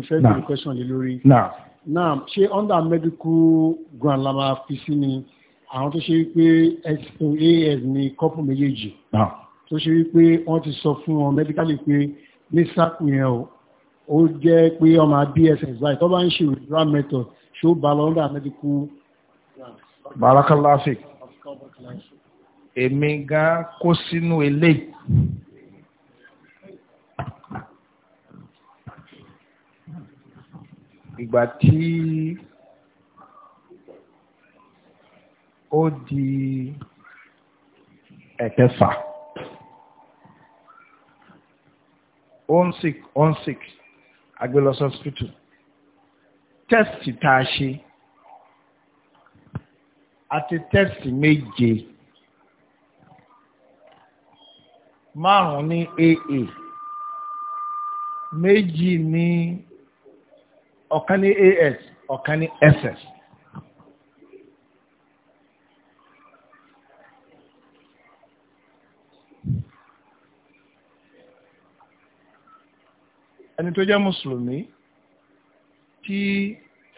ìfẹ́ bí question lé lórí. náà ṣé under medical ground la máa fi sí ni àwọn tó ṣe wípé as ní couple méjèèjì tó ṣe wípé wọ́n ti sọ fún wọn medically pé ní sáàkù yẹn o ó jẹ́ pé ọmọ dss báyìí tó bá ń ṣe withdrawal method ṣó bá lọ under medical ground. barakalasi èmi gan kó sínú eléyìí ìgbà tí ó di ẹ̀kẹfà one six one six agbélọ́sọ hospital test tá a ṣe àti test méje márùn ní aa méjì ní ọ̀kan ní as ọ̀kan ní ss. ẹni tó jẹ́ mùsùlùmí tí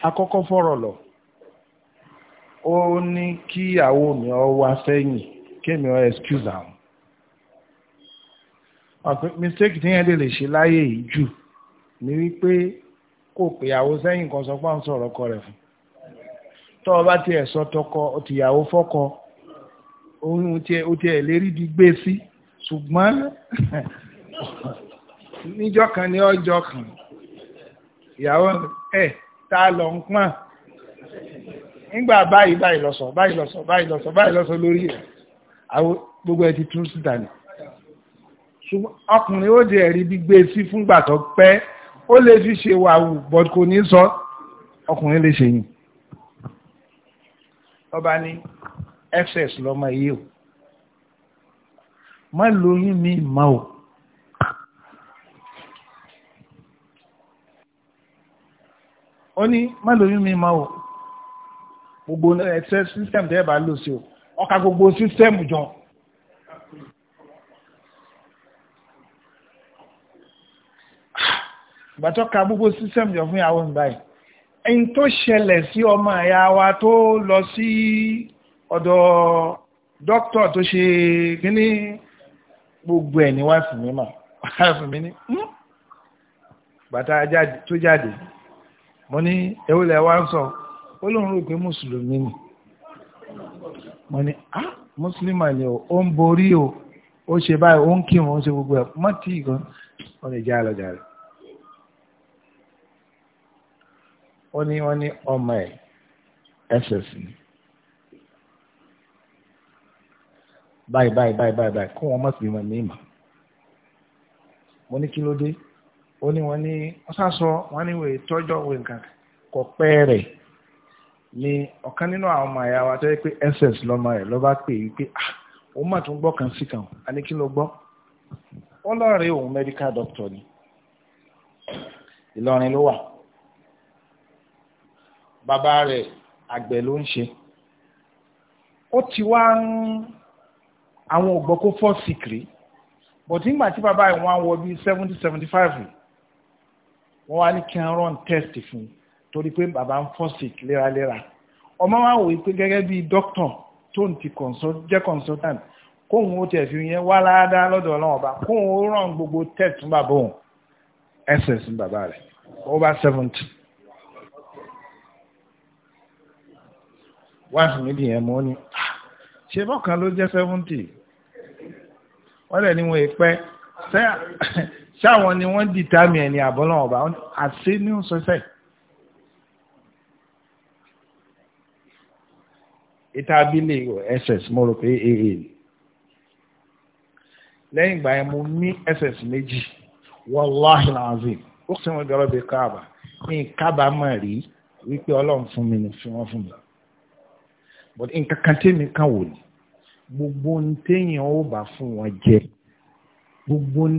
akọ́kọ́ fọ̀rọ̀ lọ ó ní kí ìyàwó mi ọ wá sẹ́yìn kémi ọ excuse àwọn mistake tí yẹn lè ṣe láyé yìí jù ni wípé kó pèyàwó sẹ́yìn kan sọ pé àwọn sọ̀rọ̀ ọkọ rẹ̀ fún tọ́ ọ bá tiẹ̀ sọ tọkọ tìyàwó fọ́kọ ohun tiẹ̀ ó tiẹ̀ lérí di gbé sí ṣùgbọ́n níjọ́ kan ní ọjọ́ kan ìyàwó ẹ̀ tá a lọ ń pọ́n nígbà báyìí báyìí lọ́sọ̀ báyìí lọ́sọ̀ báyìí lọ́sọ̀ báyìí lọ́sọ̀ lórí ẹ̀ àwọn gbogbo ẹ̀ ti tún síta ni ọkùnrin ó di ẹ̀rí gbígbé sí fúngbà tó pẹ́ ó lè fi ṣe wàwù but kò ní sọ ọkùnrin lè ṣe yìn ọba ní excess lọmọ yìí o má lóyún mi má o. ó ní má lóyún mi má o gbogbo excess system tẹ́ ẹ bá lò sí o ọkà gbogbo system jọ. ìgbà tó ka gbogbo system jọ fún ìyàwó ìbáyìí ẹni tó ṣẹlẹ̀ sí ọmọ ìyá wa tó lọ sí ọ̀dọ̀ dókítà tó ṣe kíní gbogbo ẹ̀ ní wáìfù mi mà wáìfù mi ní hmm? bàtà tó jáde mo ní ewúlẹ̀ wa ń sọ ó lóun rò pé mùsùlùmí ni mo ní ah mùsùlùmí ni ó ń borí o ó ṣe báyìí ó ń kírun ó ń ṣe gbogbo ẹ̀ mọ́tì gan-an lè já lọ jàre. ó ní wọ́n ní ọmọ ẹ̀ ẹsẹ̀ sí i báyìí báyìí báyìí báyìí báyìí kó wọn má fi wọn ní ìmọ̀ mo ní kí ló dé ó ní wọ́n ní wọ́n sàsọ wọ́n ní wèé tọ́jọ́ wèé nǹkan kọ pẹ́ rẹ̀ ni ọ̀kan nínú àwọn ọmọ àyà wa tó yẹ pé ss lọ́mọ rẹ̀ ló bá pè é pé ah òun mà tún gbọ́ kan sí kan a ní kí ló gbọ́ ó lọ́ọ̀rẹ́ òun medical doctor ni Ìlọrin ló wà bàbá rẹ̀ àgbẹ̀ ló ń ṣe ó ti wá ń àwọn ògbọ́kó fọ́ síkìrì but nígbà tí bàbá rẹ̀ wọ́n wọ bí seventy seventy five wọ́n wá ní kí n run test fún un torí pé bàbá ń fọ́ sick léraléra ọmọ wa wòye pé gẹ́gẹ́ bí doctor tó ń ti jẹ́ consultant kóhun ó tẹ̀ fi yẹn wá láadáa lọ́dọ̀ ọlọ́run ọba kóhun ó ràn gbogbo test fún bàbá òun ss bàbá rẹ̀ over seventy wáìfù mi dìyẹn mọ́ ni ṣe bọ́kan ló jẹ́ sẹ́fúntì wọ́n lẹ̀ ní wọ́n èpẹ́ ṣáwọn ni wọ́n dìtàmì ẹ̀ ní àbọ́lọ́ ọ̀bá àṣẹ ní sọ́sẹ̀ ìtàbílẹ̀ ss mo rò pé aa lẹ́yìn ìgbà yẹn mo ní ss méjì wàláhì làzim ó sì wọ́n dọ́rọ́ bí káàbà ní kábàámọ̀ rí wípé ọlọ́run fún mi ni fi wọ́n fún mi but nǹkan kan tèmi kan wò ní gbogbo ń téèyàn fún wọn jẹ gbogbo ń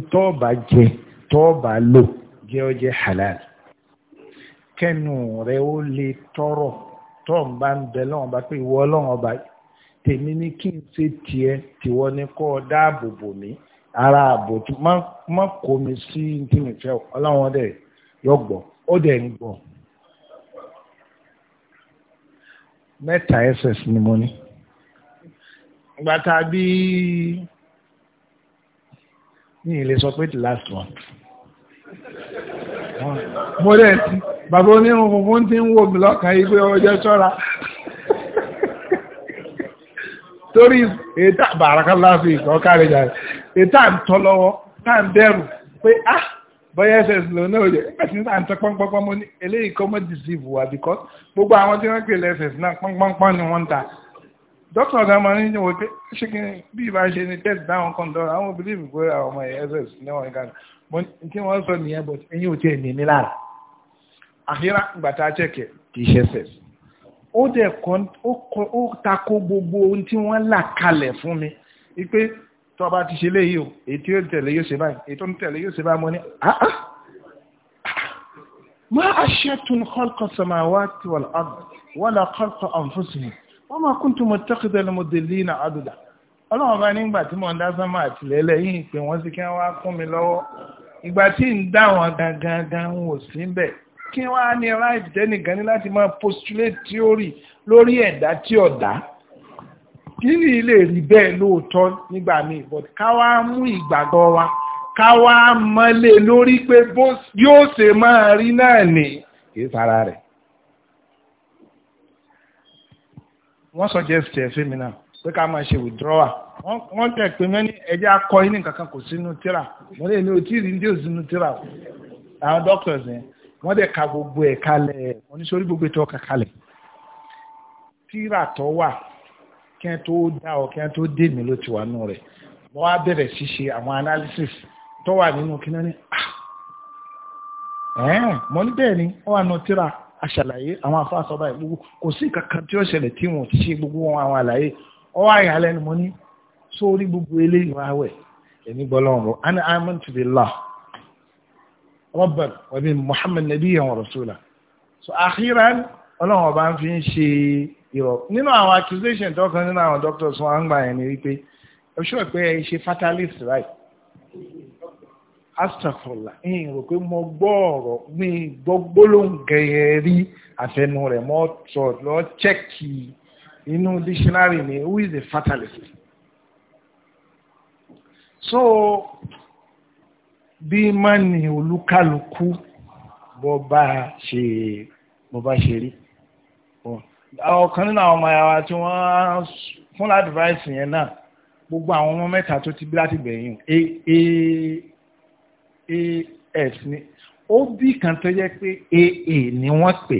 jẹ tọ́ọ̀bà lò jẹ́ ọ jẹ́ halal kẹnu rẹ ó lè tọrọ tọ́ọ̀n bá ń bẹ lọ́wọ́n bá pé ìwọ ọlọ́wọ́n ọba tèmi ní kí n ṣe tiẹ̀ tiwọ ni kọ́ ọ dáàbò bò mí ara àbò má kó mi sí ní tí mi fẹ́ ọlọ́wọ́n ń gbọ́. mẹ́ta ss ni mo ní gbàtà bí ní ilé sọ pé the last one mo rẹ̀ ti bàbá onírun funfun ti ń wò mí lọ́kàn yìí pé ọjọ́ ṣọ́ra torí ètà bàrákà láàfin ọ̀kárẹ̀jà ètà ń tọ́ lọ́wọ́ tá ń bẹ̀rù pé ah bọ́yá ẹsẹ̀ ló náà yẹ ẹ̀sìn náà ń tẹ́ pọ́npọ́npọ́n mo ní eléyìí kọ́ mọ́ deceive wa because gbogbo àwọn tí wọ́n pè lẹ́sẹ̀ náà pọ́npọ́npọ́n ni wọ́n ń ta dókítà ọ̀gá máa ń wò pé ṣé kí bí ìbá ṣe ni test down control àwọn believe pé àwọn ọmọ ẹsẹ̀ ní wọn kan mo wọ́n sọ nìyẹn but eyín ò tiẹ̀ ní mi tó bá ti ṣe léyìí o èyí tí ó tẹ̀lé yóò ṣe báyìí èyí tó ń tẹ̀lé yóò ṣe báyìí mo ní àá ah, ah. ma ash'atun khalqa samawati wal ardi wala khalqa anfusihim wa ma kuntu muttakhidal mudillina adada ọlọ́run bá nígbà tí mo ń dá sánmà àtìlẹ́lẹ̀ yìí pé wọ́n sì kí wọ́n wá kún mi lọ́wọ́ ìgbà kíni lè rí bẹ́ẹ̀ lóòótọ́ nígbà míì but ká wá mú ìgbàgbọ́ wa ká wá mọ́lé lórí pé yóò ṣe máa rí náà ní kìí sára rẹ̀. wọ́n suggest ẹ̀ fún mi náà pé ká máa ṣe withdrawal wọ́n tẹ̀ pé mẹ́ni ẹ̀jẹ̀ akọ inú kankan kò sínú tíra wọ́n lè ní o tí rí ní òsì nínú tíra àwọn doctors yẹn wọ́n dẹ̀ ka gbogbo ẹ̀ kalẹ̀ oníṣòrí gbogbo ètò ọkà kalẹ̀ tíra tó wà kí ẹ tó dá ọ kí ẹ tó dé mi ló ti wà nù rẹ̀ wọ́n wá bẹ̀rẹ̀ ṣíṣe àwọn analysis tó wà nínú kí náà ní ah! ẹ̀ẹ́n mọ́ ní bẹ́ẹ̀ ni wọ́n wà nù tíra aṣàlàyé àwọn afáàsọ́bà ìgbogbo kò sí kankan tí ó ṣẹlẹ̀ tí wọ́n ti ṣe gbogbo wọn àwọn àlàyé ọwọ́ àyàlẹ́nu mọ́ ní sórí gbogbo eléyìí wá wẹ̀ ẹni gbọ́lọ́run ana amantu billah rabban wa bi muhammad nabiyyan wa rasula so akhiran ọlọ́run ọba ń fi ń ṣe irọ́ nínú àwọn accusation tó kan nínú àwọn doctors wọn à ń gbà yẹn ni wípé ẹ ṣọ́ pé ẹ ṣe fatalist right astagfirullah ẹ̀yìn rò pé mo gbọ́ ọ̀rọ̀ mi gbọ́ gbólóǹgẹ̀yẹ rí àfẹnu rẹ̀ mọ́ tọ̀ lọ chẹ́kì inú dictionary ni who is a fatalist so bí mọ́ni olúkálukú bọ́ bá ṣe rí ọ̀kan nínú àwọn ọmọ yàrá tí wọ́n fún advice yẹn náà gbogbo àwọn ọmọ mẹ́ta tó ti bí láti gbẹ̀yìn aaf ni ó bí kan tó jẹ́ pé aa ni wọ́n pè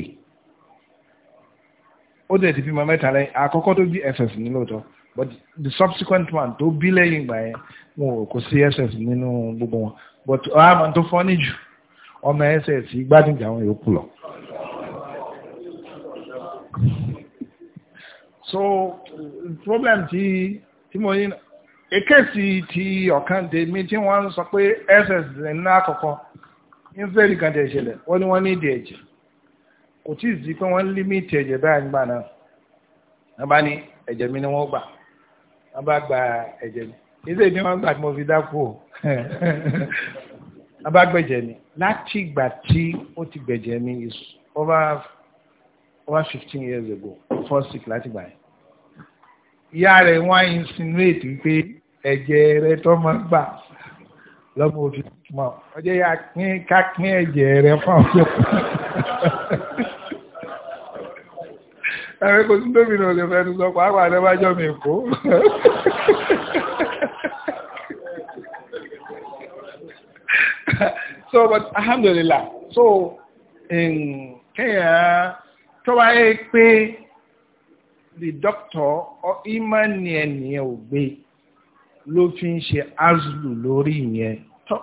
ó dẹ̀ ti bímọ mẹ́ta lẹ́yìn àkọ́kọ́ tó bí ss ní lóòótọ́ but the subsequent one tó bí lẹ́yìn ìgbà yẹn wọn ò kò sí ss nínú gbogbo wọn but ọ̀hánà tó fọ́ níjù ọmọ ss gbádùn jà wọn yòókù lọ so problem tí tí mo yín èkéèsì ti ọ̀kan tèmi tí wọ́n ń sọ pé ss ní àkọ́kọ́ israeli kan tẹ̀ ṣẹlẹ̀ wọ́n ní wọ́n ní ìdí ẹ̀jẹ̀ kò tí ì sí pé wọ́n límìtì ẹ̀jẹ̀ báyìí nígbà náà wọ́n bá ní ẹ̀jẹ̀ mi ni wọ́n gbà wọ́n bá gba ẹ̀jẹ̀ mi ìṣe ni wọ́n gbà tí mo fi dákú o wọ́n bá gbẹ̀jẹ̀ mi láti ìgbà tí ó ti gbẹ̀jẹ̀ mi over over fifteen years ago before sick láti gbà yẹn ìyá rẹ̀ wọ́n á insinuate wípé ẹ̀jẹ̀ rẹ̀ tó máa ń gbà lọ́mọ òfin mọ̀ ọjọ́ yà pín ká pín ẹ̀jẹ̀ rẹ̀ fún àwọn yòókù. ẹ̀rẹ́ kò sí gómìnà olè fẹ́ tuntun ọkọ̀ àgbà àdébájọ́ mi kó. so but alhamdulillah so kẹ́yìn tó wáyé pé the doctor ìmọ̀ni ẹnìyẹn ò gbé ló fi ń ṣe azlu lórí yẹn tó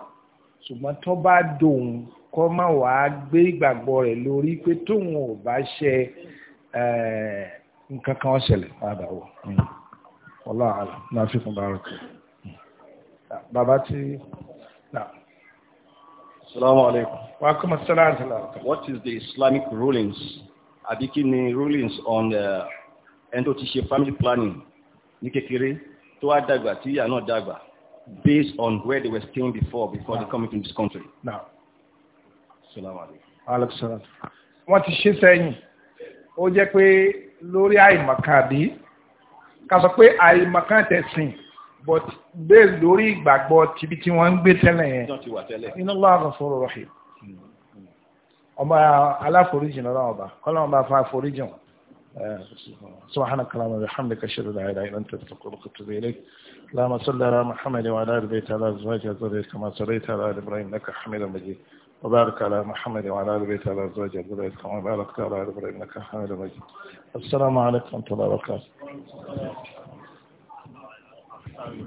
ṣùgbọ́n tó bá dòun kọ́ má wàá gbé ìgbàgbọ́ rẹ̀ lórí pé tóun ò bá ṣe nǹkan kan ṣẹlẹ̀ padà wọ̀ ọlá àlà fi kún What is the Islamic rulings àbí kí ni rulings on eh, ẹni tó ti ṣe family planning ní kékeré tó wá dàgbà tí ìyá náà dàgbà based on where they were staying before before no. they come into this country. wọ́n ti ṣe sẹ́yìn ó jẹ́ pé lórí àìmọ̀kan àbí ká sọ pé àìmọ̀kan tẹ̀sìn but based lórí ìgbàgbọ́ tìbí tí wọ́n ń gbé tẹ́lẹ̀ yẹn iná lọ́wọ́ àgọ́fọ́rọ̀ rọ̀hìn. ọba aláforíjìn ọlọ́run ọba kọ́lọ́run bá fún àforíjìn سبحانك اللهم وبحمدك اشهد ان لا اله الا انت استغفرك واتوب اليك اللهم صل على محمد وعلى ال بيت على ازواجه وذريته كما صليت على ال ابراهيم انك حميد مجيد وبارك على محمد وعلى ال بيت على ازواجه وذريته كما باركت على ال ابراهيم انك حميد مجيد السلام عليكم ورحمه الله وبركاته Thank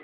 you.